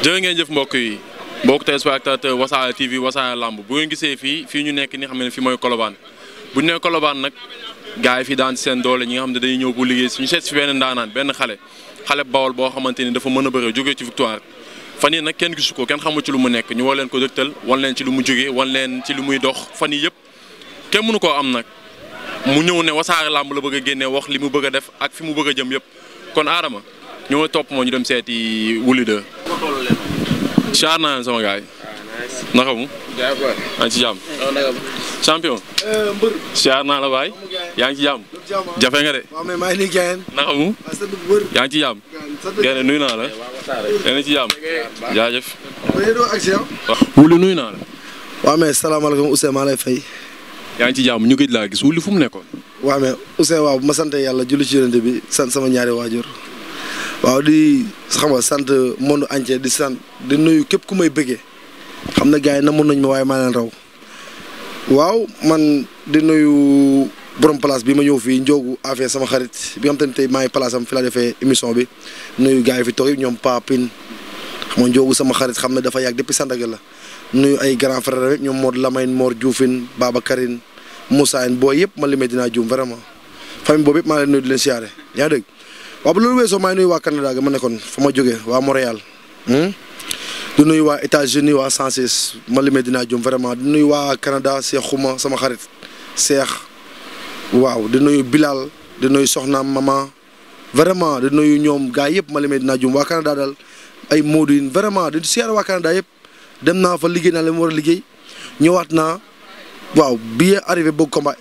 jërë ngeen jëf mbokk yi boo ko mbokk téléspectateur wasaare TV wasaare lamb bu ngeen gisee fii fii ñu nekk ni xam ne fii mooy Colobane bu ñu ne Colobane nag gars yi fi daan seen doole ñi nga xam ne dañuy ñëw bu liggéey suñu seet si benn ndaanaan benn xale xale bawol boo xamante ni dafa mën a bëre jóge ci victoire fan yi nag kenn gisu ko kenn xamu ci lu mu nekk ñu woo leen ko dëgtal wan leen ci lu mu jógee wan leen ci lu muy dox fan yi yëpp kenn mënu koo am nag mu ñëw ne wasaare lamb la bëgg a génnee wax li mu bëgg a def ak fi mu bëgg a jëm yëpp kon aadama ñoo topp moo ñu dem seeti Wouly 2. char naa sama gars yi. yaa ngi ci jàmm. champion. mbër. naa la waay. yaa ngi ci jàmm. jafe nga de. ci jàmm. gerte nuyu naa la. yaa ngi nuyu naa la. waaw mais salaamaaleykum use maa lay fay. yaa ngi ci jàmm ñu gëj laa gis Wouly fu mu nekkoon. waaw waaw ma sant yàlla julli ci yonent bi sant sama ñaari waajur waaw di xam nga sant monde entier di sant di nuyu képp ku may bëggee xam na gars yi namoon nañ ma waaye maa leen raw waaw man di nuyu borom place bi ma ñëw fii Ndiogu Afia sama xarit bi nga xam ne tey maa ngi place fi laa defee émission bi nuyu gars yi fi toog yëpp ñoom Papine xam nga sama xarit xam ne dafa yàgg depuis Sandaga la nuyu ay grand frère yëpp ñoom Mor Lamine Mor Dioufine Baba Karine Moussa boo yëpp ma li may dinaa juum vraiment famille boobu yëpp maa leen nuyu di leen waaw bu loolu weesoo maa ngi nuyu waa Canada ga ma nekkoon fa ma jógee waa Montréal hmm? du nuyu waa États-Unis waa 106 ma limee dinaa jum vraiment di nuyu waa Canada Cheikh sama xarit Cheikh waaw di nuyu Bilal di nuyu soxna mama vraiment di nuyu ñoom gars yëpp ma limee dinaa jum waa Canada daal ay Modou yi vraiment di siyaar waa Canada yëpp dem naa fa liggéey naa li mu war a liggéey ñëwaat naa. waaw bi arrivé bëgg combat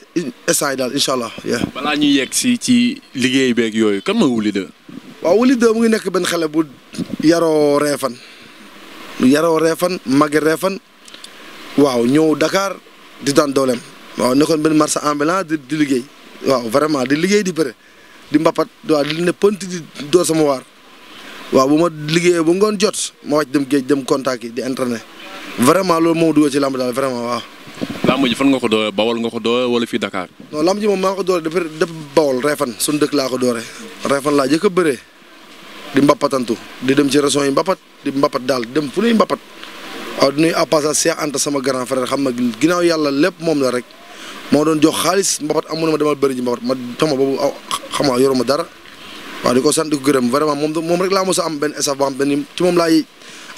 instant yi daal incha allah. balaa ñuy yegg si ci liggéey beek yooyu kan mooy Wouly 2. waaw Wouly 2 mu ngi nekk benn xale bu yaroo reefan yaroo reefan màgge reefan waaw ñëw dakaar di daan dooleem. waaw nekkoon benn marché ambulant di di liggéey waaw vraiment di liggéey di bëre di mbapat waaw di ne pënt door sama waar waaw bu ma liggéeyee bu ngoon jot ma wàcc dem géej dem contact yi di entraîné vraiment loolu moo ci làmb daal vraiment làmb ji fan nga ko doore bawol nga ko doore wala fii Dakar. non làmb ji moom maa ko doore a bëree yi mbapat di mbapat daal di dem fu nuy mbapat waaw di nuyu à passage Cheikh Anta sama grand frère xam na ginnaaw yàlla lépp moom la rek moo doon jox xaalis mbapat amu na ma demal bëri ji mbapat ma xam boobu xam nga yoruma dara waaw di ko sant di ko gërëm vraiment moom moom rek laa mos a am benn staff boo xam benn ci moom laay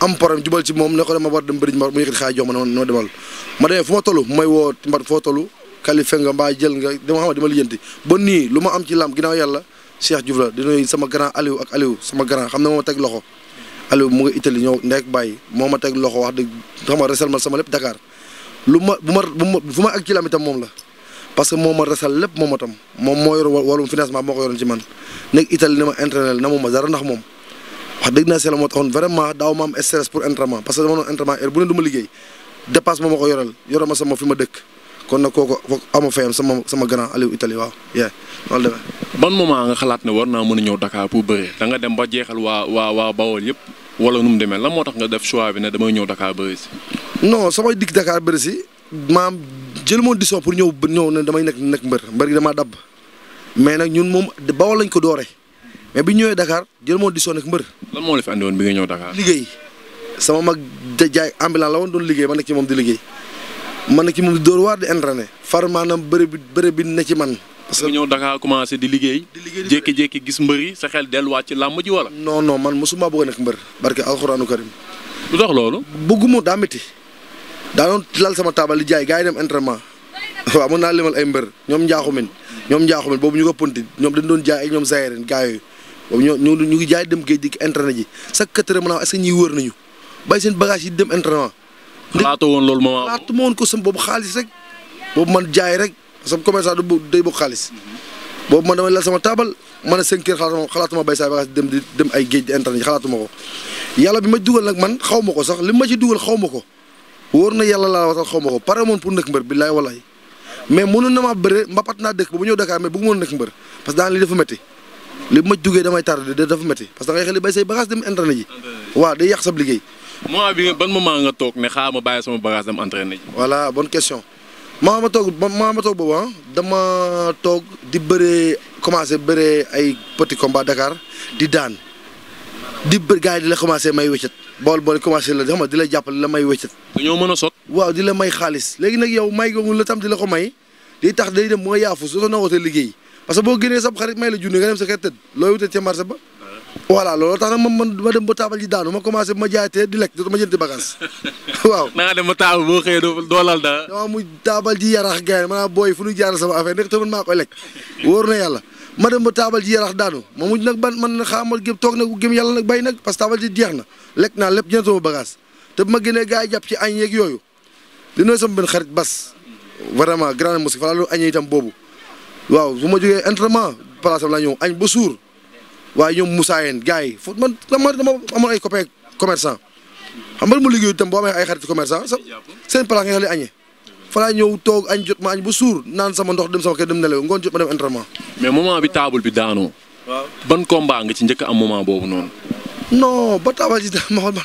am problème jubal ci moom ne ko dama war dem bëri mu yëkkati xaay jox ma ne ma demal ma demee fu ma toll may woo mbar foo toll qualifié nga mbaa jël nga dama xam ne dama lijjanti ba nii lu ma am ci làmb ginnaaw yàlla Cheikh Diouf la di nuyu sama grand Aliou ak Aliou sama grand xam ne moo ma teg loxo Aliou mu ngi Italie ñëw nekk bàyyi moo ma teg loxo wax dëgg xam nga resal ma sama lépp dakaar lu ma bu ma bu ma fu ma ak ci làmb itam moom la parce que moo ma resal lépp moom ma tam moom moo yor wàllum financement moo ko yoroon ci man nekk Italie ne ma na mu ma dara ndax moom wax dëgg naa si la moo taxoon vraiment daaw ma am stress pour entraînement parce que dama doon entraînement heure bu ne du ma liggéey dépasse ma ma ko yoral yoral ma sama fi ma dëkk kon nag kooku foog ama fayam sama sama grand Aliou Italie waaw yeah loolu demee. ban moment nga xalaat ne war naa mën a ñëw dakaar pour bëre da nga dem ba jeexal waa waa waa yépp yëpp wala nu mu demee lan moo tax nga def choix bi ne damay ñëw Dakar bëri si. non sama dikk dakaar bëri si maam jël moon décision pour ñëw ñëw ne damay nekk nekk mbër mbër gi damaa dab mais nag ñun moom Bawol lañ ko dooree. mais bi ñëwee dakaar jël moo disoon ak mbër. lan moo la fi andi woon bi nga ñëw Dakar. liggéey sama mag ja jaay ambulant la woon doon liggéey ma nekk ci moom di liggéey ma nekk ci moom di dóor waar di entraîné far maanaam bëre bi bëre bi ne ci man. parce que ñëw Dakar commencé di liggéey. di liggéey jékki-jékki gis mbër sa xel delluwaat ci làmb ji wala. non man man mosuma bëgg a nekk mbër barke alxuraanu karim. lu dox loolu. bëgguma daa métti daa doon lal sama taabal di jaay gars yi dem entraînement waaw mën naa limal ay mbër ñoom njaaxumin ñoom boobu ñu ñoom dañ doon jaay ay ñoom sayeren gars yooyu boobu ñoo ñu ñu ngi jaay dem géej di entraîné ji chaque quatre heures maanaam est ñuy wër nañu bàyyi seen bagage yi dem entraînement. xalaatoo woon loolu moom xalaatu ma woon ko sam boobu xaalis rek boobu man jaay rek sam commerçant day bokk xaalis boobu man damay lal sama taabal man a cinq heures xalaatuma bay saa bagage dem di dem ay géej di entraîné ji xalaatuma ko yàlla bi ma dugal nag man xaw ma ko sax li ma ci dugal xaw ma ko wóor na yàlla laa waxal xaw ma ko pare moon pour nekk mbër billaay wallaay mais mënoon maa bëre mbapat naa dëkk ba li ma jugee damay tardé dafa métti parce que da ngay xel bay say bagage dem entraîné ji. waaw day yàq sab liggéey. moment bi ban moment nga toog ne xaaral ma bàyyi sama bagage dem entraîné ji. voilà bonne maa ma toog maa ma toog boobu ah, dama toog di bëree commencé bëree ay petit combat Dakar di daan di bër gars yi di la commencé may wéccet bool bool commencé la xam nga di la jàppale la may wéccet. dañoo mën a sot. waaw di la may xaalis léegi nag yow may googu la tam di la ko may di tax day dem mooy yaafu soo ko liggéey. parce que boo génnee sam xarit may la junne nga dem sa kër tëdd looy wutee ca marché ba. voilà loolu tax nag man man ma dem ba taabal ji daanu ma commencé ma jaaytee di lekk dootuma jënti bagage waaw. na dem taabal boo taabal ji yarax gars yi maanaam booy fu ñuy jaarale sama affaire nekk tamit maa koy lekk wóor na yàlla ma dem ba taabal ji yarax daanu ma mujj nag ban man xaamal gëm toog nag gëm yàlla nag bay nag parce que taabal ji jeex na lekk naa lépp jënd sama bagage te bu ma génnee gars yi jàpp ci añ yeeg yooyu dina sama bas vraiment grande mosquée fa la boobu waaw bu ma jógee entraînement place am ñëw añ ba suur waaye ñoom Moussa Yène gars yi foofu man dama dama amoon ay copain commerçant xam nga ma liggéeyu tam boo amee ay xarit commerçant sa seen place nga xam ne añee fa laa ñëw toog añ jot ma añ ba suur naan sama ndox dem sama kër dem nelaw ngoon jot ma dem entraînement. mais moment bi table bi daanoo. waaw ban combat ngi ci njëkk am moment boobu noonu. non ba taabal ji ma man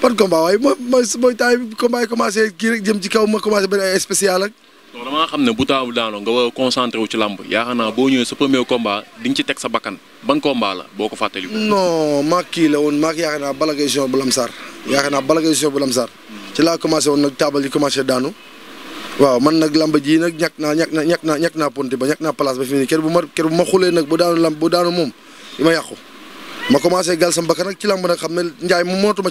ban combat waaye mooy mooy mooy temps yi jëm ci kaw ma commencé benn ay spécial non damaa xam ne bu taawu daanoo nga war a concentré wu ci làmb yaakaar naa boo ñëwee sa premier combat di ci teg sa bakkan ban combat la boo ko fàttali ko. non maag kii la woon maag yaakaar naa Balla Gaye Junior bu Lamsar yaakaar naa Balla ci laa nag taabal yi commencé daanu waaw man nag làmb ji nag naa ñàkk naa ñàkk naa ñàkk naa ponti ba ñàkk naa place ba fi nii kër bu ma kër bu ma xulee nag bu daanu làmb bu daanu moom li ma yàqu ma commencé gal sama bakkan nag ci làmb nag xam ne njaay moom mënatuma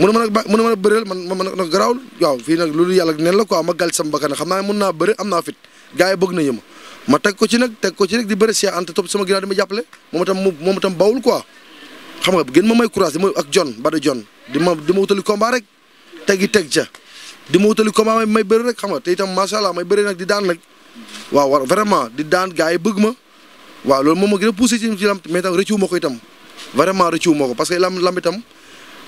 mu ne ma nag mu ne ma nag bëreel man a nag nag garaawul waaw fii nag loolu yàlla neen la quoi ma gàll sama bakkan xam naa mun naa bëri am ma ma teg ko ci nag teg ko ci nag di bëri Cheikh Anta topp sama ginnaaw di ma jàppale moom itam moom itam bawul quoi xam nga gën ma may courage di ma ak John Bada John di di ma wutali combat rek tegi teg ja di ma wutali combat may bëri rek xam nga te itam macha may bëri nag di daan nag waaw war vraiment di daan gars yi bëgg ma waaw loolu moom ma gën a poussé ci ci mais itam rëccu ma ko itam vraiment rëccu ko parce que lamb lamb itam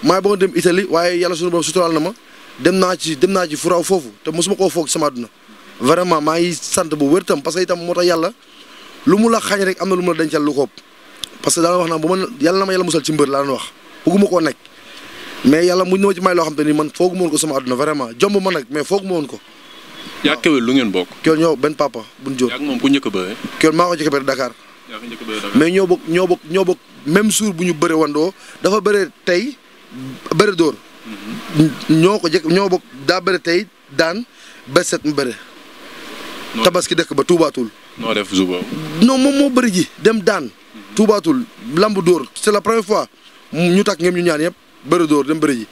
maa bëggoon dem Italie waaye yàlla suñu borom suturaal na ma dem naa ci dem naa ci fu raw foofu te mosuma koo foog sama àdduna vraiment maa ngi sant bu wér tam parce que itam moo tax yàlla lu mu la xañ rek am na lu mu la dencal lu ko parce que daana wax naa bu ma yàlla na ma yàlla musal ci mbër laa doon wax bëgguma koo nekk mais yàlla muñ na may loo xam te ni man fooguma woon ko sama àdduna vraiment jomb ma nag mais fooguma woon ko yaa Kewel lu ngeen bokk Kewel benn papa buñ jóor ak moom ku a bëree Kewel maa ko njëkk a bëree Dakar mais ñoo même jour bu ñu bëree wandoo dafa bëree tey bëri dóor. ñoo ko jëkk ñoo bokk daa bëri tey daan ba set mu bëri. tabaski dëkk ba tuubaatul. noo def suba. moom moo bëri ji dem daan. tuubaatul lamb dóor c'est la première fois ñu takk ngeen ñu ñaan yëpp bëri dóor dem bëri ji.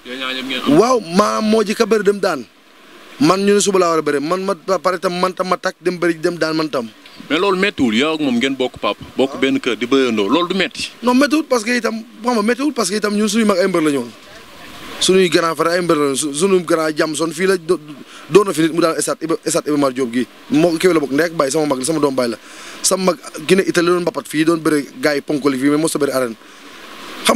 waaw maa moo ji a bëri dem daan man ñu ne suba laa war a bëri man ma pare tam man ma takk dem bëri ji dem daan man tam. mais loolu méttiwul yow ak moom ngeen bokk pap bokk benn kër di bëyandoo loolu du métti. non méttiwul parce que itam xam nga parce que itam ñun suñu mag ay mbër la ñoon suñuy grand frère ay mbër la suñu grand jàmm son fii la doon na fi nit mu daan estat estat ak a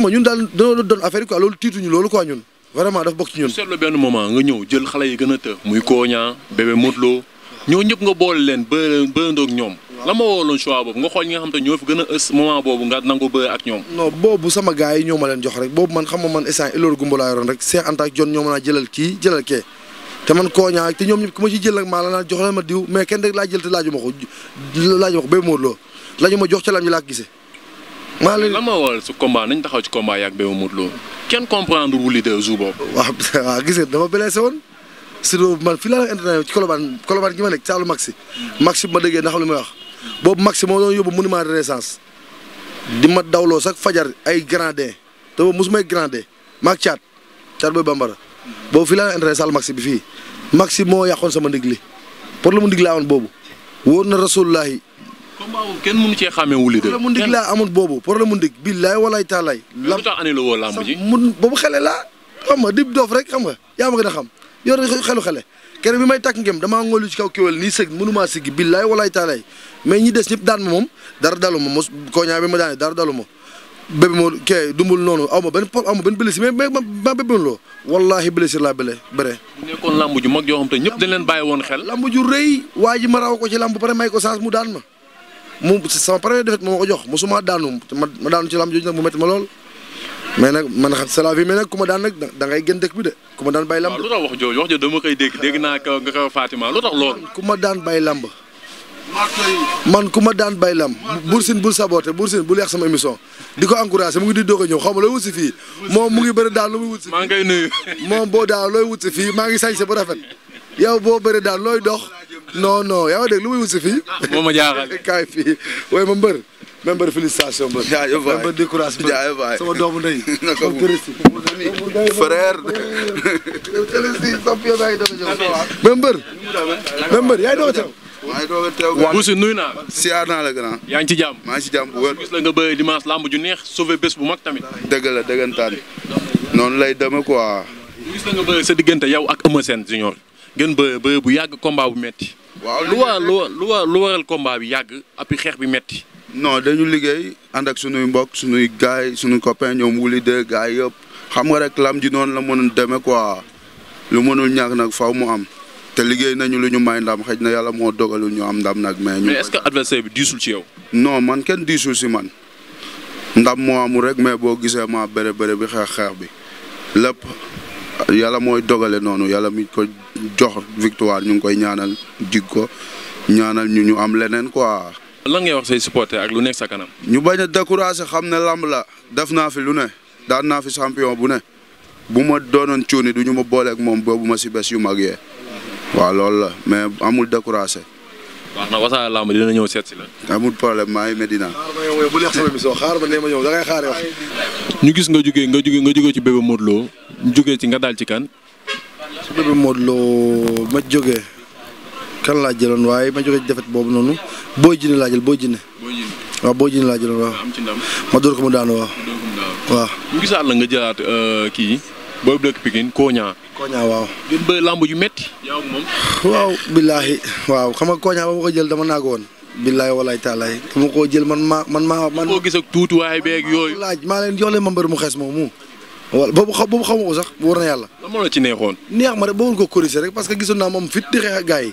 bëri daal dañoo doon affaire yi quoi loolu tiituñu loolu quoi ñun vraiment daf bokk ci ñun. seetlu benn moment nga ñëw jël xale yi gën a të muy Koña bébé Modlo ñoo ñëpp nga boole leen bë bërandoog ñoom la ma wooloon choix boobu nga xool ñi nga xam te ñoo fi gën a ës moment boobu nga nangu bëre ak ñoom non boobu sama gars yi ñoo ma leen jox rek boobu man xam nga man essane iloor gumbalaa yoroon rek Cheikh Anta ak John ñoo mën a jëlal kii jëlal kee te man kooñaa te ñoom ñëpp ku ma ci jël nag maa la naan jox la ma diw mais kenn rek laa jël te laaju ma ko laaju ma ko béy móodloo lañu ma jox ca lam laa gisee maa leen lan ma waral su combat nañ taxaw ci combat yaag béy móodloo kenn comprendre wu leader jour boobu waaw woon si man fii laa leen entraîné ci Colobane Colobane gi ma nekk saalu Maxi. Maxi bu ma déggee na xam li may wax. boobu Maxi moo doon yóbbu monument maa renaissance di ma dawloo sax fajar ay grandin te boobu mosumay grandin maag caat caat booy bambara. boobu fii laa leen saalu Maxi bi fii Maxi moo yàqoon sama ndig li pour la mun ndig laa amoon boobu wóor na rasulullahi. combat boobu kenn mënu cee xàmmee wuli de. problème mu ndig laa amoon boobu problème mu ndig billaay walaay taalaay. lam lu tax annulé woo lamb ji boobu laa xam nga dib doof rek xam nga yaa ma gën a xam yor xelu xale keneen bi may takk ngem damaa ngóolu ci kaw kéwél nii sëg mënumaa siggi billaay walaay taalaay mais ñi des ñëpp daan ma moom dara dalu ma mos koñaa bi ma noonu aw ma benn po aw ma benn blessure mais mais ma bébé loo wallaahi blessure laa bële bëre. bu nekkoon woon xel. lamb ju rëy waa ji ma raw ko ci lamb pare may ko chance mu daan ma mu sama première défaite moo ma ko jox mosuma daanu ma daanu ci lamb jooju nag mu métti ma lool. mais nag man xam c'est la vie mais ku ma daan nag da ngay gën dëkk bi de ku ma daan bay lamb. waaw lu tax wax koy dégg dégg naa ko nga ko ku ma daan bay lamb. man ku ma daan bay lamb. Bour Sine bul saboté Bour Sine bul yàq sama émission. di ko encouragé mu ngi di doog a ñëw xaw ma looy wut fii moom mu ngi bëri daal lu muy wut si. maa ngi koy nuyu. boo daal looy wut fii maa ngi sañse ba rafet yow boo bëri daal looy dox non non yaa ngi dégg lu muy wut fii. moo ma jaaxal kaay fii waaye ma mbër même ba félicitation ba. jaajëf waay même ba décourage ba jaajëf ngi naa la. siyaar naa yaa ngi ci jàmm maa ngi ci jàmm bu wér. gis la nga bëri dimanche lamb ju neex sauvé bés bu mag tamit. dëgg la dëggantaan noonu lay demee quoi. gis la nga bëri sa diggante yow ak Eumeu Sène junior ngeen bëri bëri bu yàgg komba bu metti waaw lu waa lu waral combat bi yàgg appi xeex bi metti non dañu liggéey ànd ak sunuy mbokk sunuy gaay sunuy copain ñoom wuli de gaay yëpp xam nga rek lam ji noonu la mën a demee quoi lu mënul ñàkk nag faw mu am te liggéey nañu lu ñu may ndam xëj na yàlla moo dogalul ñu am ndam nag. mais mais est-ce que adversaire bi diisul ci yow. man kenn diisul si man ndam moo amul rek mais boo gisee maa bëre bëre bi xeex xeex bi lépp yàlla mooy dogale noonu yàlla mi ko jox victoire ñu ngi koy ñaanal jig ko ñaanal ñu ñu am leneen ko lan ngay wax say supporter ak lu nekk sa kanam. ñu bañ a découragé xam ne làmb la def naa fi lu ne daan naa fi champion bu ne bu ma doonoon cuuni du ñu ma booleek moom boobu ma si bés yu mag yee waaw loolu la mais amul découragé. baax na Wassare Lamb dina ñëw seet si la. amul problème maa ngi Medina. bu neex sama émission xaar ba ne ma ñëw da ngay xaar ñu gis nga jógee nga jóge nga jógee ci bébé Modou Lo jógee ci nga daal ci kan. su bébé Modou ma jóge kan laa jëloon waaye ma jógee defet boobu noonu boo jinne laaj jël boo jinne waaw booy jinne laa jëloon waaw. ma dóor ko mu daanu waaw. waaw. ñu nga jëlaat euh, kii booy dëkk Pikine Koña. waaw. lamb yu métti. yaa moom. waaw billaahi waaw xam nga Koña ba ma ko jël dama naago woon. billaahi walaay koo jël man maa man maa. man koo gis ak tuutiwaay beeg yooyu. laaj maa leen jox leen ma mbër mu xees moom wala boobu xaw boobu xaw ko sax wóor na yàlla. lan moo ci neexoon. neex ma rek bëggoon ko corriger rek parce que gisoon naa moom fit di xeex ak gars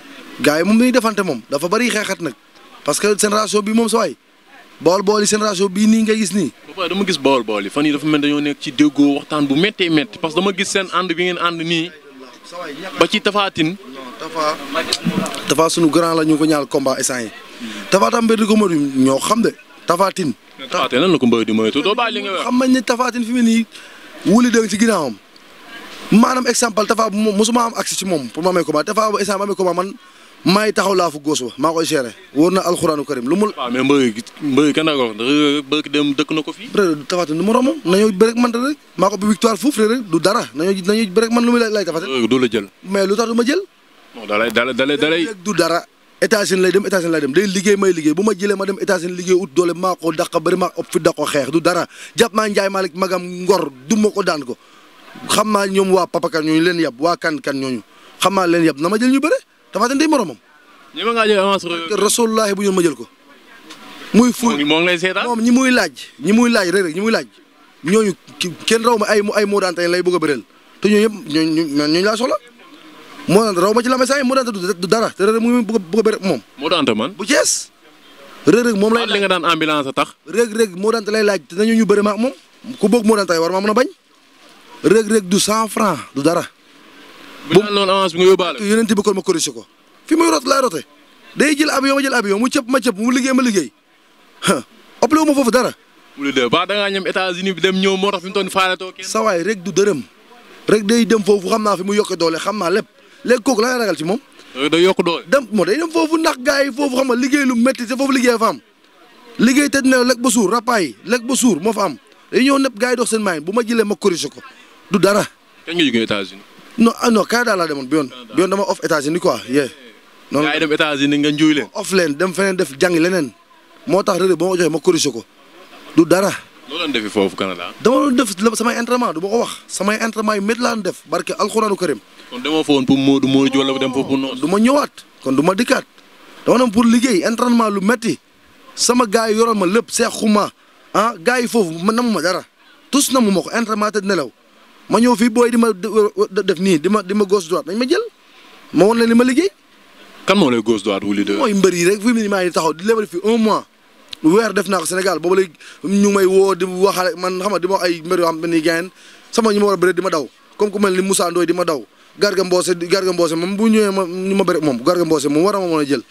gars yi moom dañuy defante moom dafa bëri xeexat nag parce que génération bi moom sa waay bool bool yi génération bii nii nga gis nii. ba pare dama gis bool bool yi fan yi dafa mel nii ba ci tafaatin. ko ñaal yi. ñoo xam de tafaatin. tafaatin lan la ko mbër di moytu doo bàyyi li nga wax. xam fi mu nii wuli dëng ci ginnaawam maanaam exemple tafa bu moom mosuma am accès ci moom pour ma amee combat tafa man maay taxaw laa fu góos ba maa koy seere wóor na alxuraanu karim lu mu. waaw mais mbëy mbëy kan laa dem dëkk na ko fii. Reug Reug Tapha Tine du ma romb nañoo bëreeg man rek maa victoire fuuf Reug Reug du dara nañoo nañoo bëreeg man lu muy lay Tapha du la jël. mais lu tax ma jël. non dalay dalay dalay du dara. états lay dem États-Unis lay dem day liggéey may liggéey bu ma jëlee ma dem États-Unis liggéey ut doole maa ko dàq bëri maa ëpp fi dàq ko xeex du dara jàpp maa Njaay Malik magam ngor du ko daan ko xam naa ñoom waa papakan ñooñu leen yab waa kan kan ñooñu xam naa leen yab na ma jël ñu bëre Tapha Tine day moromam. ñi ma ngaa rasulullahi bu ñu ma jël ko. muy fu moo ngi lay seetaan moom ñi muy laaj. ñi muy laaj rek rek ñi muy laaj ñooñu kenn raw ay ay moo daan tey lay bëgg a bëreel te ñooñu yëpp ñooñu ñooñu laa soxla moo daan raw ma ci la may saa yi moo daan du dara te rek mu moo daan man bu jees. rëg rëg moom lay li nga daan ambulance a tax. rëg rëg moo daan lay laaj te nañu ñu bëri ma ak moom ku boog moo war ma mën a bañ rëg rëg du cent franc du dara bu ñu noonu avance bi nga yóbbaale. yonent bi kon ko fi muy rot laay rote day jël avion ma jël avion mu cëpp ma cëpp mu liggéey ma liggéey ah ëppale ma foofu dara. mu lu dee da ngaa ñam États-Unis bi dem ñëw moo tax fi mu toll faalatoo kenn. sa waay rek du dërëm rek day dem foofu xam naa fi mu yokk doole xam naa lépp léegi kooku la ragal ci moom. day yokk doole dem moo day foofu ndax gars yi foofu xam nga liggéey lu métti te foofu liggéey fa am liggéey te dina lekk ba suur rapaay lekk ba suur moo fa am dañu ñëw nëpp gars yi dox seen maay bu ma jëlee ma corrigé ko du dara. kañ nga non ah non Canada laa demoon bi yoon. bi yoon dama off États-Unis quoi yee. noonu la dem États-Unis nga njuuy leen. off leen dem feneen def jàngi leneen moo tax réer ba ma joxee ma corrigé ko du dara. loo doon foofu Canada. dama doon def samay entraînement du ma ko wax samay entraînement yu métti laa doon def barke alxuraanu karim. kon demoo fa woon pour Modou Modou wala dem foofu pour noonu. du ma ñëwaat kon du ma dikkaat dama dem pour liggéey entraînement lu metti sama gars yi ma lépp seexuma ah gars yi foofu man namu ma dara tous namu ma ko entraînement nelaw. ma ñëw fii booy di ma def nii di ma di ma gauche droite nañ ma jël ma won la ma liggéey. kan moo lay gauche droite wuli de. mooy mbër yi rek fi mu ne maa ngi taxaw di lebal fii un mois weer def naa ko Sénégal boobu lay ñu may woo di waxale man xam nga di ma wax ay mbër yoo xam ne nii gaañ sama ñu ma war a bëre di ma daw comme ku mel ni Moussa di ma daw Garga Mbossé Garga Mbossé moom bu ñëwee ma ñu ma bëre moom Garga Mbossé moom war a ma mën a jël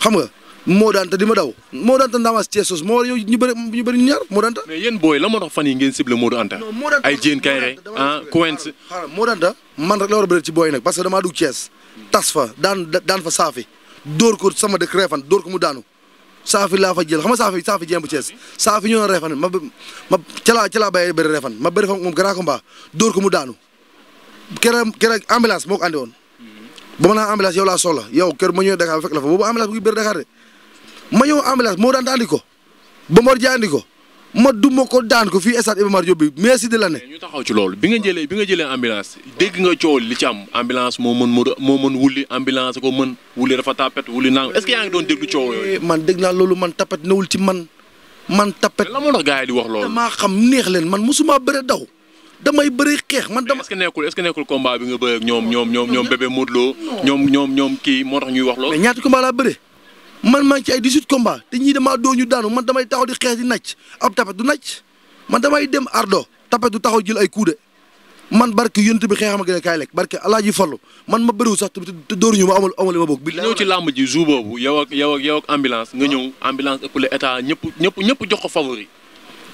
xam nga moo daan di ma daw moo daan te ndaamaas Thiessos moo war yow ñu bëri ñu bëri ñaar moo daan ta mais yéen booy la moo tax fan yi ngeen ciblé Modou Anta. ay Diène Kairé ah Coence. moo daan man rek la war a bëri ci booy nag parce que damaa dugg Thiès tas fa daan fa saafi dóor ko sama dëkk reefan dóor ko mu daanu saafi laa fa jël xam nga saafi saafi jéem bu Thiès saafi ñoo reefan ma ma ca laa ca reefan ma bëri fa moom grand combat ko mu daanu keroog keroog ambulance moo woon ba ma naan ma yow ambulance moo daan daandi ko ba mor jaandi ko ma duma ko daan ko fii stade Iba Mar Diop bi merci de l'année. ñu taxaw ci loolu bi nga jëlee bi nga jëlee ambulance dégg nga coow li ci am ambulance moo mën moo mën wulli ambulance ko mën wulli dafa tapet wulli nang est-ce yaa ngi doon déglu coow yooyu. Eh, man dégg naa loolu man tapet newul ci man man tapet. la moo tax gars yi di wax loolu. damaa xam neex leen man mosuma bëre daw. damay bëri xeex man dama. est-ce que nekkul est-ce nga bëre ñoom ñoom ñoom ñoom bébé Modou Lo ñoom ñoom kii moo tax wax loolu. mais ñaata combat laa bëre man maa ci ay 18 combats te ñii damaa doo ñu daanu man damay taxaw di xeex di nàcc ab tapet du nàcc man damay dem ardo tapet du taxaw jël ay coups de man barke yonent bi xeexam a gën a kaay lekk barke alaaji fallu man ma bëriwu sax te dóoruñu ma amal amal ma bokk bi ñëw ci làmb ji jour boobu yow ak ambulance nga ñëw ah. ambulance ëppale état ñëpp ñëpp ñëpp jox ko favori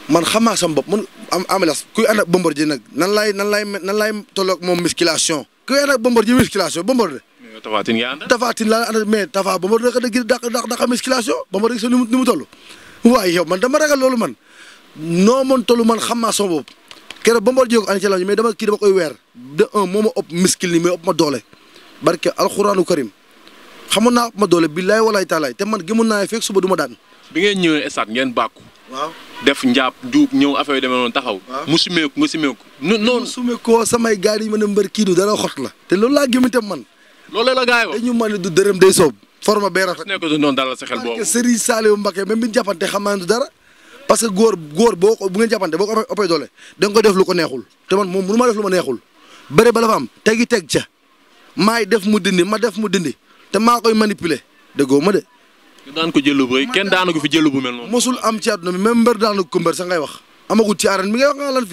man xam naa bopp man am ambulance kuy ànd ak Bombardier nag nan laay nan laay nan laay tolloog moom musculation kuy ànd ak Bombardier musculation Tafaatine yaa ànd. Tafaatine laa ànd mais Tafa ba ma rek da gis dàq dàq dàq ma mu ni mu toll. man dama ragal loolu man noo mën toll man xam naa soo bopp keroog ba Mbodj Diop ànd ci lañu mais dama kii dama koy weer de un ma ëpp muscle ni mais ëpp ma doole barke alxuraanu naa ma doole billaay walaay taalaay te man gëmoon naa fekk suba du ma daan. bi ngeen ñëwee stade ngeen bàkku. waaw def njaab juub ñëw affaire yi demee noonu taxaw. waaw mu sumeeku nga sumeeku. noonu sumeekoo samay gaar yi ma ne mbër kii du dara xot la. te loolu laa gëm itam man. loolu la gars yi wax dañu mën du dërëm day soob forme bee rafet nekk du góor góor boo ko bu ngeen ko ëppee def lu ko neexul te man moom mënu ma def lu ma neexul bëre ba la fa def mu dindi ma def mu dindi te maa koy manipuler déggoo ma de. daan ko jëlu bu kenn daanu ko fi jëlu bu mel noonu. am ci àdduna même mbër daanu ko sa ngay wax amagul ci arène bi ngay wax nga lan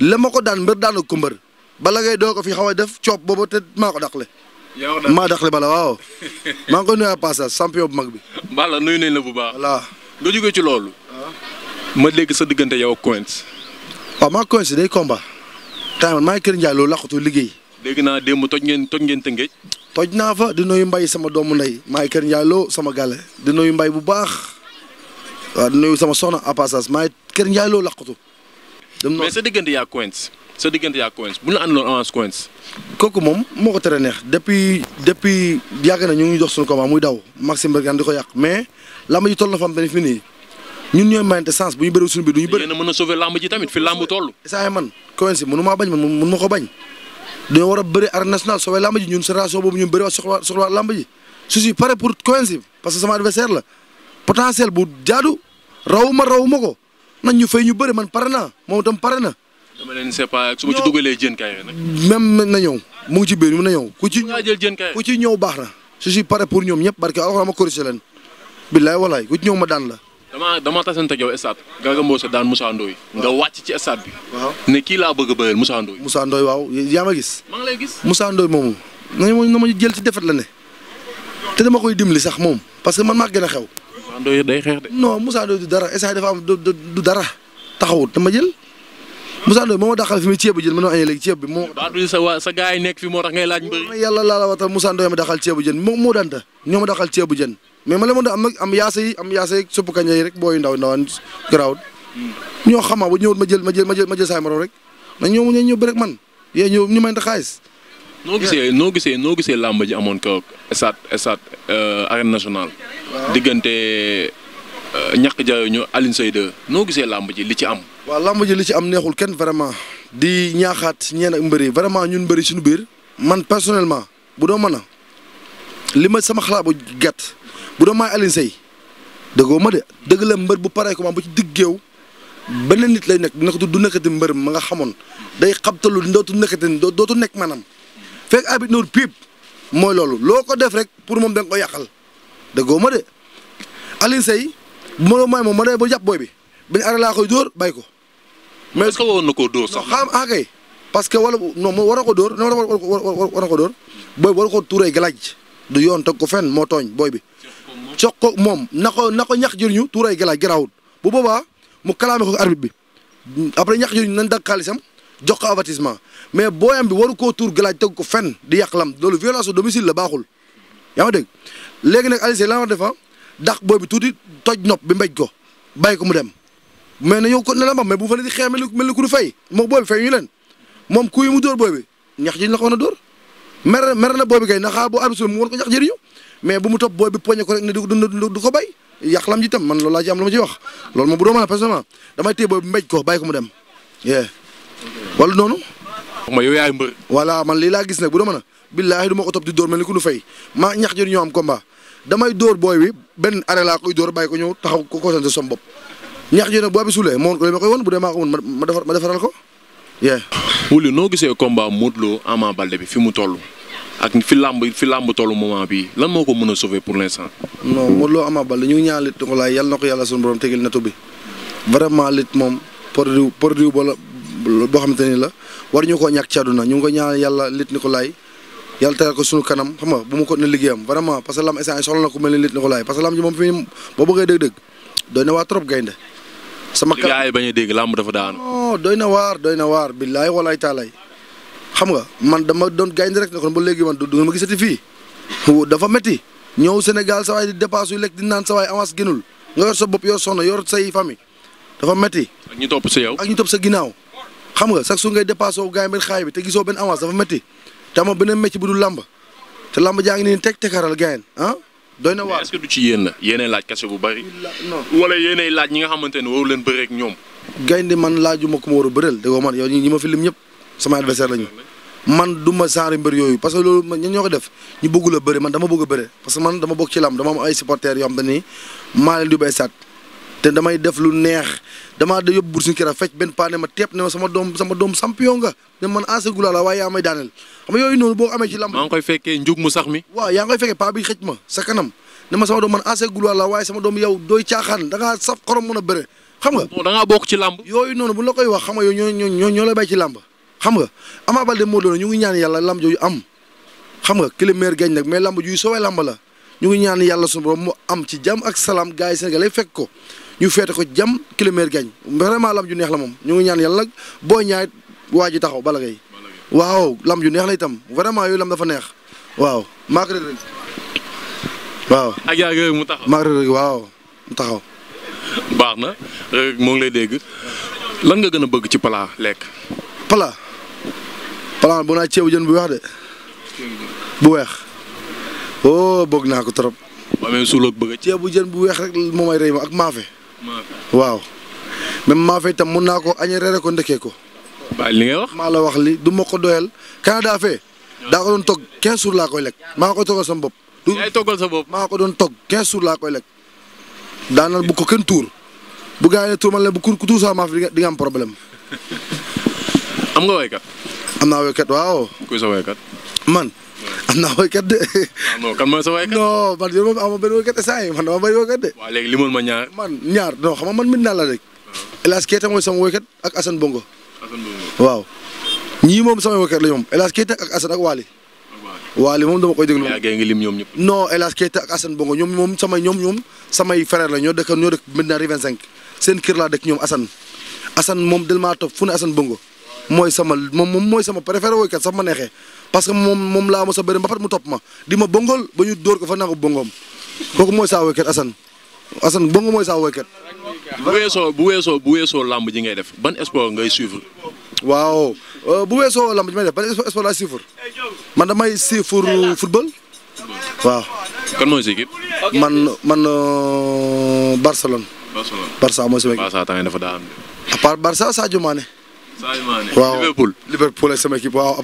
la ma ko daan mbër daanu ko mbër bala ngay doo ko fi xaw a def coob boobu te maa ko le maa daxle bala waaw maa ngi koy nuyu passage champion bu mag bi. Balla nuyu nañ la bu baax. voilà nga jógee ci loolu. Ah. ma dégg sa diggante yow ak Quench. waaw maa Quench day combat. temps maa ngi Kër Ndiaye laqatu liggéey. dégg naa démb toj ngeen toj ngeen naa fa di nuyu mbay sama doomu ndey maa Kër Ndiaye loo sama gàlle di nuyu mbay bu baax waaw di nuyu sama soxna à passage maa ngi Kër Ndiaye loo laqatu. dem mais sa diggante yaa Quench sa diggante yaa Quench bu ñu la àndaloon avance Quench. moom moo ko tere neex depuis depuis yàgg na ñu ngi dox suñu combat muy daw Maxime Bergan di ko yàq mais làmb ji toll na fa am benn fi nii ñun ñooy mayante sens bu ñu bëriwul suñu biir du ñu bëri. yéen a a sauver tamit fi làmb toll. saa man Quench mënu maa bañ man mënu ma ko bañ dañoo war a bëri arène nationale sauver làmb ji ñun génération boobu ñun bëri wax soxla soxla làmb ji su si pare pour Quench parce que sama adversaire la potentiel bu jaadu rawuma rawuma ko nañ ñu fay ñu bëri man pare naa moom itam pare na. dama leen c'est pas su ma ci dugalee jën kay nag. na ñëw mu ci biir mu na ñëw. ku ci ku ci ñëw baax na. je pour ñoom ñëpp barke alxuraan ma corrigé leen. billaay walaay ku ñëw ma daan la. damaa damaa tasante yow stade. Garga Mbossé daan Moussa Ndoye. nga wàcc ci bi. kii laa bëgg a bëreel Moussa Ndoye. Moussa waaw yaa ma gis. maa ngi lay gis Moussa Ndoye moomu. jël ci defet la ne te dama koy dimbali sax moom parce que man maa gën a xew Moussa Ndoye day xeex de. non Moussa Ndoye du dama jël ma daxal fi mu ceeb bi jën ma ne ma eh, léegi ceeb bi moo. baatu sa waa sa gars yi nekk fi moo tax ngay laaj mbëri. la waxtaan Moussa Ndoye ma daxal ceebu jën moo moo danta ñoo ma daxal ceebu jën mais ma la mën a am am yaasa yi am yaasa yi suppu rek booy ndaw ndawaan garaawut hmm. ñoo xamaa bu ñëwut ma jël ma jël ma jël ma jël saay morom rek na ñoo ñoo rek man yee ñëw ñu mayante xaalis noo gisee noo gisee noo gisee làmb ji amoon ko stade stade euh, arène nationale diggante euh, ñàkk jaayo ñu Alioune Seye 2 noo gisee làmb ji li ci am. waa làmb ji li ci am neexul kenn vraiment di ñaaxaat ñeen ak mbëri vraiment ñun mbëri suñu biir man personnellement bu doo man a li ma sama xalaat bu gàtt bu doo maay Alioune dëggoo ma de dëgg la mbër bu paree ko ma bu ci diggeew beneen nit lay nekk dina ko du nekkati mbër ma nga xamoon day xabtalu dootu nekkati dootu nekk maanaam fekk abit noor piip mooy loolu loo ko def rek pour moom da nga ko yàqal. dëggoo ma de Alioune bu ma la may moom ma dee ba jàpp booy bi bañ arrêté laa koy dóor bay ko. mais est-ce na koo dóor sax. xam ah kay parce que wala non moom war na ko dóor war war ko booy bi war ko tuuree galaaj du yoon teg ko fen moo tooñ booy bi. cox ko moom na ko na ko ñu jëriñu tuuree galaaj garaawul bu boobaa mu kalaame ko arbitre bi après ñax jëriñu nañ dag xaalisam jox ko avertissement mais booyam bi waru ko tuur galaaj teg ko fen di yàq lam loolu violence au la baaxul yaa léegi nag Alioune Seye lan war defa ah, dàq booy bi tuuti toj nopp bi mbéj ko bàyyi ku mu dem mais nañoo ko ne na ma mais bu fa di xeex mel ni ku du fay moom booy bi ñu leen moom ku yi mu dóor booy bi ñax ji la ko war a dóor mer mer na booy bi kay na xaa boo am suul mu war ko ñax jëriñu mais bu mu topp booy bi poñe ko rek ne du ko bay yàq lam ji tam man loolu laa ci am lu ma wax loolu moom bu doo mën a personnellement damay téye booy bi mbéj ko bàyyi ko mu dem yee wala noonu ma yow yaay man lii laa gis nag bu dama na billaahi du ko topp di dóor mel ni ku nu fay ma ñax jëriñ ñoo am combat damay dóor booy bi benn arrêt laa koy dóor bàyyi ko ñëw taxaw ko concentré som bopp ñax jëriñ boo bi suulee moo ko ma koy won bu dee maa ko mën ma defar ma defaral ko. wuli noo bi fi mu toll ak fi làmb fi làmb tollu moment bi lan moo ko mën a sauver pour l'instant. non Modou Lo Ama Baldé ñu ngi ñaan lit ko laay yal na ko yàlla sunu borom tegil nattu bi vraiment lit moom produit produit wala boo xamante ni la war ñu ko ñàkk ci àdduna ñu ngi ko ñaanal yàlla lit ni ko laay yàlla tegal ko suñu kanam xam nga bu mu ko na liggéeyam vraiment parce que lam instant soxla na ko mel ni lit ni ko laay parce que moom fi boo bëggee dëgg-dëgg na waa trop gaynde sama kanam gaa dégg lamb dafa daanu non doy na doy na waar billaay walaay taalaay xam nga man dama doon gaynde rek ne kon ba léegi man du nga ma gisati fii dafa métti ñëw Sénégal sa waay di dépasse yu lekk di naan sa waay avance gënul nga yor sa bopp yor soxna yor say famille dafa métti ñu topp sa yow ak ñu topp sa ginnaaw xam nga sax su ngay dépassé wu gars yi mel xaay bi te gisoo benn avance dafa métti te amoo beneen métti bu dul làmb te làmb jaa ngi nii teg tekaral gars ah. doy na waar est ci yéen yéenay laaj kese bu bari. wala yéenay laaj ñi nga xamante ne waru leen bëree ak ñoom. gaynde man laajuma ku ma war a bëreel déggoo man yow ñi ma fi lim ñëpp sama adversaire lañu man du ma genre mbër yooyu parce que loolu ñun ñoo ko def ñu bëggu la bëri man dama bëgg a bëri parce que man dama bokk ci lam dama am ay supporters yoo xam maa leen di bay saat te damay def lu neex damaa da yóbbu Bour Sine Kira fecc benn paa ne ma tepp ne ma sama doom sama doom champion nga ne man ansegula la waaye yaa may daaneel xam nga yooyu noonu boo amee ci lamb maa ngi koy fekkee njug mu sax mi waaw yaa ngi koy fekkee paa bi xëj ma sa kanam ne ma sama doom man ansegula la waaye sama doom yow dooy caaxaan da ngaa saf xorom mën a bëre xam nga da ngaa bokk ci lamb yooyu noonu bu la koy wax xam nga yow ñoo ñoo ñoo lay bay ci lamb xam nga Ama Baldé moo doon ñu ngi ñaan yàlla lamb jooju am xam nga ki le maire gañ nag mais lamb juy soowee lamb la ñu ngi ñaan yàlla suñu borom mu am ci jàmm ak salaam gars yi Sénégal fekk ko ñu feete ko jam kilomètre gañ vraiment lam ju neex la moom ñu ngi ñaan yàlla boo Boy Niang waa ji taxaw bala Gaye waaw lam ju neex la itam vraiment yooyu lam dafa neex waaw maak Reug yooyu mu taxaw maak Reug Reug waaw moo ngi lay dégg lan nga gën a bëgg ci palaa lekk plat palaa bu naa ceebu jën bu weex de bu weex oh bëgg naa ko trop. waaw même suul ak bëgg. ceebu jën bu weex rek moomay rey ma ak maafe. waaw même maa fay tam mun naa ko añee reere ko ndëkkee ko. li nga wax maa la wax li du ma ko doyal. Canada fee daa ko doon togg 15 jours laa koy lekk maa ko toggal sama bopp. yaay toggal sa bopp maa ko doon togg 15 jours laa koy lekk. daanal bu ko kenn tuur bu gaa yi tuur man la bu ku tuur saa maaf di nga am problème. am nga waykat. am naa waykat waaw. man. am naa woykat de. ah non kan mooy sa woykat. non man yow moom amoo benn de. waaw ma ñaar. man ñaar non xam man mën naa la rek. Ah. El Hadj Keita mooy sama woykat ak Assane Bongo. waaw. ñii moom sama woykat la ñoom El Hadj Keita ak Assane ak Waly. Waly moom dama koy ñoom ñëpp. non El Bongo ñoom moom samay ñoom ñoom samay frère la ñoo dëkk ñoo dëkk Médina Rue 25 seen kër laa ñoom Assane Assane moom del maa topp fu ne Assane Bongo mooy sama moom moom mooy sama préféré woykat sax ma neexee parce que moom moom laa mos a bëri mbapat mu topp ma di ma bongool ba ñu dóor ko fa nangu bongoom kooku mooy saa woykat Assane Assane bongo mooy saa woykat. bu weesoo bu weesoo làmb ji ngay def ban sport ngay euh, suivre. man damay suivre football waaw. kan mooy sa équipe. man man euh, Barcelone. Barcelone Barça mooy sama équipe. Barça temps dafa daa am. à part Barça Sadio Mané. Sadio Mané. waaw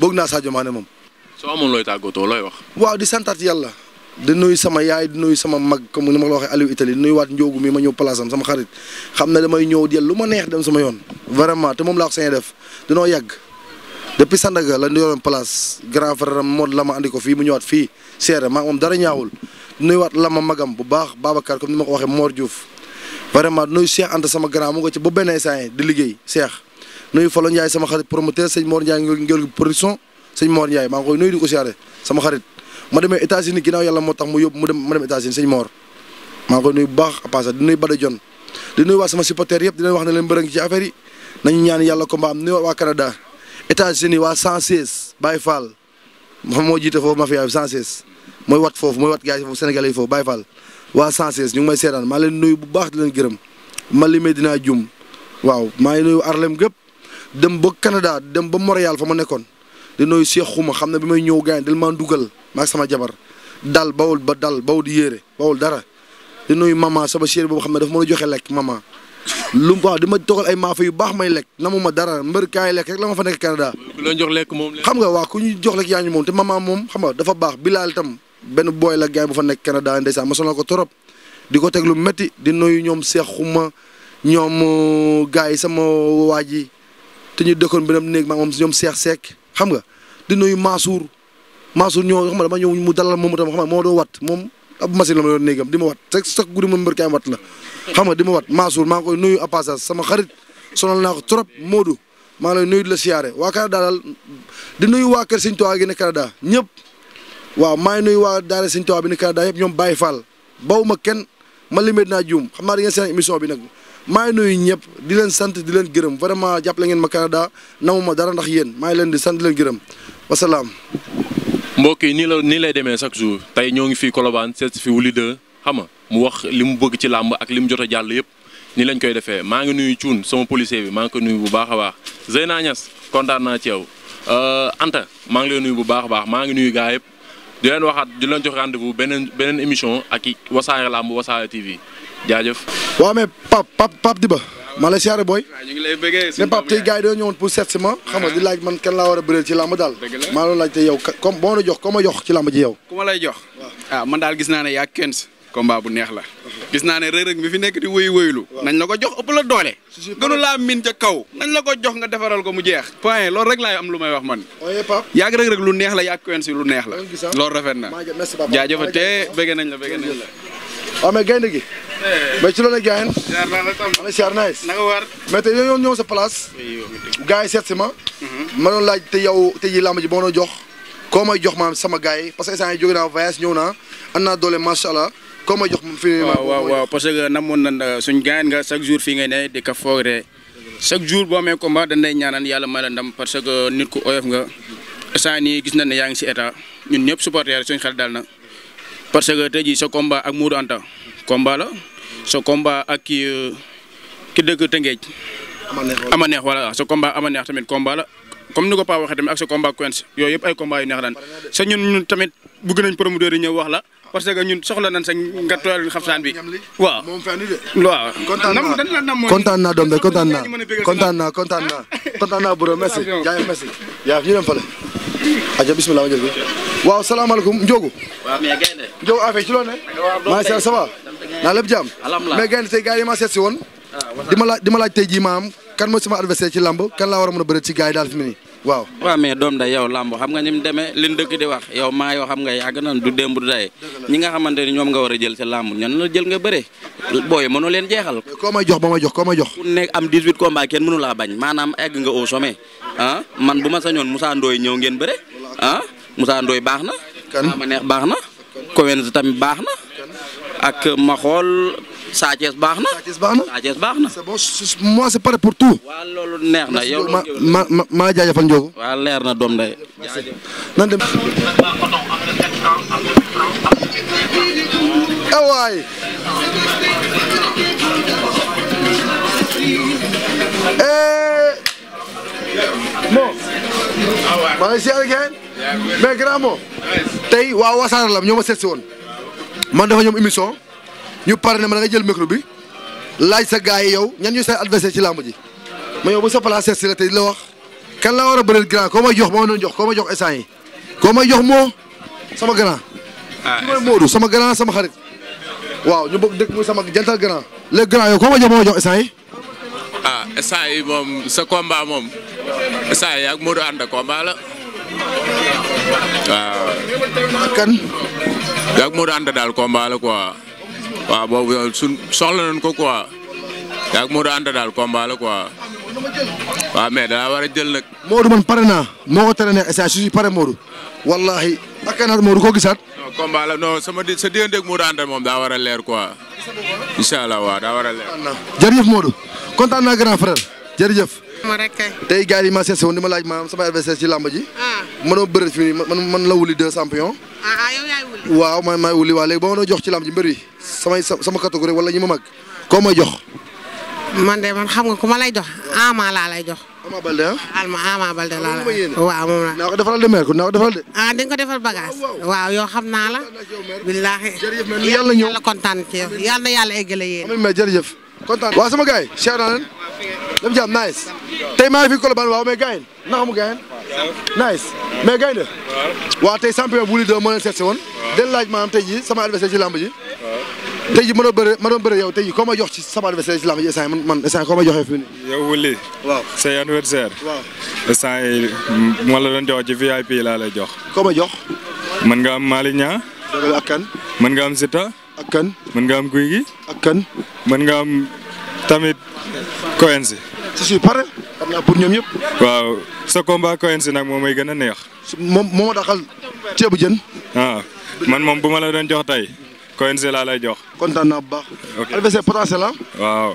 bëgg naa Sadio Mané moom. soo amoon looy tàggatoo looy wax. waaw di santaat yàlla. di nuyu sama yaay di nuyu sama mag comme nu ma la waxee Aliou Italie di nuyuwaat Ndiogu mi ma ñëw place sama xarit xam ne damay ñëw jël lu ma neex dem sama yoon. vraiment te moom laa ko def danoo yàgg depuis Sandaga la ñu yoroon place grand frère moo la ma andi ko fii mu ñëwaat fii Seere maa moom dara ñaawul nuyuwaat la ma magam bu baax Babacar comme ni ma ko waxee Mor Diouf vraiment nuyu Cheikh Anta sama grand mu nga ci bu benn saa di liggéey Cheikh. nuyu Fallou Ndiaye sama xarit promoteur sëñ Mor Ndiaye maa ngi koy di ko siyaare sama xarit ma demee États-Unis ginnaaw yàlla moo tax mu yóbbu mu dem ma dem États-Unis sëñ Mor maa ngi koy nuyu bu baax à leen wax ne leen mbërëng ñaan yàlla combat am nuyu waa Canada États-Unis waa 116 Baye Fall xam moo jiite foofu mafia bi 116 mooy wat foofu mooy wat gars yi foofu sénégalais yi foofu Baye Fall waa 116 ñu ngi maa leen nuyu bu baax di leen gërëm ma limee dinaa jum waaw maa ngi nuyu Arlem dem ba Canada dem ba Montréal fa ma nekkoon di nooyu Cheikh Xuma xam ne bi may ñëw gaañ dal maa dugal maag sama jabar dal bawul ba dal bawul di yére bawul dara di nooyu mama sama chérie boobu xam ne dafa mën joxe lekk mama lu mu waaw di ma ay maafa yu baax may lekk namu ma dara mbër kaay lekk la ma fa nekk Canada. jox lekk moom xam nga waa ku ñu jox lekk yaa ñu moom te mama moom xam nga dafa baax Bilal itam benn booy la gaañ bu fa nekk Canada ndeysaan ma sonal ko trop di ko teg lu métti di nuyu ñoom Cheikh Xuma ñoom euh, gars yi sama waa ji te ñu dëkkoon beneen néeg maa moom ñoom Cheikh Seck xam nga di nuyu Mansour Mansour ñoo xam nga dama ñëw mu dalal moom itam xam nga moo doon wat moom ab ma doon néegam di ma wat te sax guddi ma mbër kaay wat la. xam di ma wat Mansour maa ngi koy nuyu à passage sama xarit sonal naa ko trop Modou maa ngi lay nuyu di la siyaare waa Canada daal di nuyu waa Kër Sëñ Tuubaa gi ne Canada ñëpp waaw maa ngi nuyu waa Daara Sëñ Tuubaa bi ne Canada yëpp ñoom Baye faal bawu ma kenn ma limee dinaa juum xam naa da ngeen seen émission bi nag maa ngi nuyu ñëpp di leen sant di leen gërëm vraiment jàppale ngeen ma Canada namu ma dara ndax yéen maa ngi leen di sant di leen gërëm wasalaam. mbokk yi nii la nii lay demee chaque jour tey ñoo ngi fii Colobane seet fi Wouly 2 xam mu wax li mu bëgg ci làmb ak li mu jot a jàll yëpp nii lañ koy defee maa ngi nuyu Thioune sama policier bi maa ngi ko nuyu bu baax a baax Zeyna Niass kontaan naa ci yow euh, Anta maa ngi lay nuyu bu baax a baax maa ngi nuyu gaa yëpp di leen waxaat di leen jox rendez beneen beneen émission ak Wassare Lamb Wassare TV jaajëf. waaw mais Pape Pape Pape Diba maa lay siyaare booy. ñu ngi lay bëggee mais Pape tey gars yi dañoo ñëwoon pour seet si ma. xam nga ah. di laaj man kan laa war a bëreel ci làmb daal. dëgg la maa loolu laaj te yow comme boo la jox ko ma jox ci ma lay jox. Ah, naa ne yaa Quench. combat bu neex la. gis naa ne rërëg mi fi nekk di wëyu wëyulu. nañ la ko jox ëpp la doole. gënu laa min ca kaw. nañ la ko jox nga defaral ko mu jeex. point loolu rek laay am lu may wax man. ooyee oh, Pape. yàgg rëg rëg lu neex la yàgg Quench lu neex la. Ah. loolu rafet na jaajëfate bëgg nañ la bëgg nañ la waaw mais gaynde gi. Eh. mais ci loolu gars yi. la tam ma ne na nga war mais tey yow ñëw sa place. gars yi seet si ma. Mhm. ma doon laaj te yow te ji làmb ji ba ma jox. koo may jox maam sama gars yi parce que instant yii jóge naa voyage ñëw naa am naa doole macha allah koo may jox fii. waaw waaw waaw parce que namoon na euh, suñ gars nga chaque jour fii ngay ne di ka foog de chaque jour boo amee combat dañ lay yàlla may la ndam parce que nit nga. instant nii gis na ne yaa ngi si état ñun ñëpp supporter suñ xel dal na. parce que tey ji sa combat ak Modou Anta combat la sa ak ki euh, ki dëkk Tëngéej. ama neex wala sa combat ama neex tamit combat la comme ni ko Paa waxee tamit ak sa combat Quench yooyu yëpp ay combat yu neex daan sa ñun ñun tamit bugg nañ promoteur yi ñëw wax la. parce que ñun soxla nañ sa nga xaftaan bi waaw waaw kontaan naa doom de kontaan naa kontaan naa kontaan naa kontaan naa bro merci jaay merci aja bismillah ma jël bi waaw salaamaaleykum Ndiogu. waaw mais gaynde. Ndiogu affaire ci loolu ne. maa ngi ça va. naa lépp jàmm. mais gaynde tey gars yi ma seet si woon. Ah, di ma laaj di ma laaj tey jii maam kan mooy sama adversaire ci làmb kan laa war a mën ci gars yi daal fi mu ne waaw waaw mais doom day yow lamb xam nga ni mu demee liñ dëkk di wax yow maa yoo xam nga yàgg na du démb du day ñi nga xamante ni ñoom nga war a jël sa làmb ñan la jël nga bëre booy mënu leen jeexal koo may jox ba may jox koo may jox ku nekk am 18 combat kenn mënu bañ maanaam egg nga au sommet ah man bu ma sañoon Moussa Ndoye ñëw ngeen bëre ah Moussa Ndoye baax na kan ma neex baax na Kowens tamit baax na ak ma xool Sa baax na. Sa baax na Sa Thiès baax na. c'est bon moi c'est paré pour tout. neex na yow ma ma ma maa jaajëfal Ndiogo. leer na doom day. jaajëf nan dem. ewaay. Eh, bon. Eh. maa ngi seetlu grand moom. tey waa Wassare la ñoo ma seet si woon. man ñoom émission. ñu pare ne ma da nga jël micro bi laaj sa gars yi yow ñan ñu say adversaire ci làmb ma yow bu sa place si la tey la wax kan la war a bëreel grand koo may jox moo doon jox koo may jox instant yi koo may jox moo sama grand. ah sama grand sama xarit. waaw ñu bokk dëkk muy sama jantal grand. le grand yow koo may jox moo jox instant yi. ah moom sa combat moom instant yi ak Modou ànd combat la. waaw. ak kan. ak Modou ànd daal combat la quoi. waaw boobu yow suñ ko quoi yaa ngi Modou Anta daal combat la quoi waaw mais daa war a jël nag. Modou man pare naa moo ko tere ne est ce que pare Modou wallaahi ak kanaat Modou koo gisaat. non combat sama di sa digganteeg Modou Anta moom daa war a leer quoi incha allah daa war a leer. jërëjëf Modou kontaan naa grand frère ma rek kay. tey gars yi ma seet di ma laaj maanaam sama adversaire ci làmb ah. ma doon bëreet fii man la wuli deux champion. Ah, ah yow yaay wuli. waaw man maay wuli waaw léegi boo ma doon jox ci làmb ji mbër yi samay sama catégorie wala ñi ma mag koo may jox. man de man xam nga ku ma lay jox ama laa lay jox. ama balde ah. alma ama balde laa la waaw moom la. naa de mère ko naa ko ah, waaw yow xam naa la. billaahi yàlla na yàlla kontaan ci yow yàlla na yàlla def jàmm nice tey maa ngi fi Colobane waaw mais gaynde ndax mu gaynde nice mais gaynde waaw tey champion bu Lido moo leen seet woon den laaj maanaam tey ji sama adversaire ci lamb ji tey ji ma doon bëre ma yow tey ji koo jox ci sama adversaire ci lamb ji instant man man instant koo ma joxee fii nii yow jox VIP laa lay jox koo ma jox mën nga am Malick Niang dëgg la ak kan mën nga am Sita ak nga am Guy gi ak tamit Koensi. je suis pare xam naa pour ñoom ñëpp. waaw sa combat Koensi nag moom may gën a neex. moom moo ma daxal ceebu jën. waaw ah, man moom bu ma la doon jox tey Koensi laa lay jox. kontaan naa bu baax. ok la. Ah. waaw.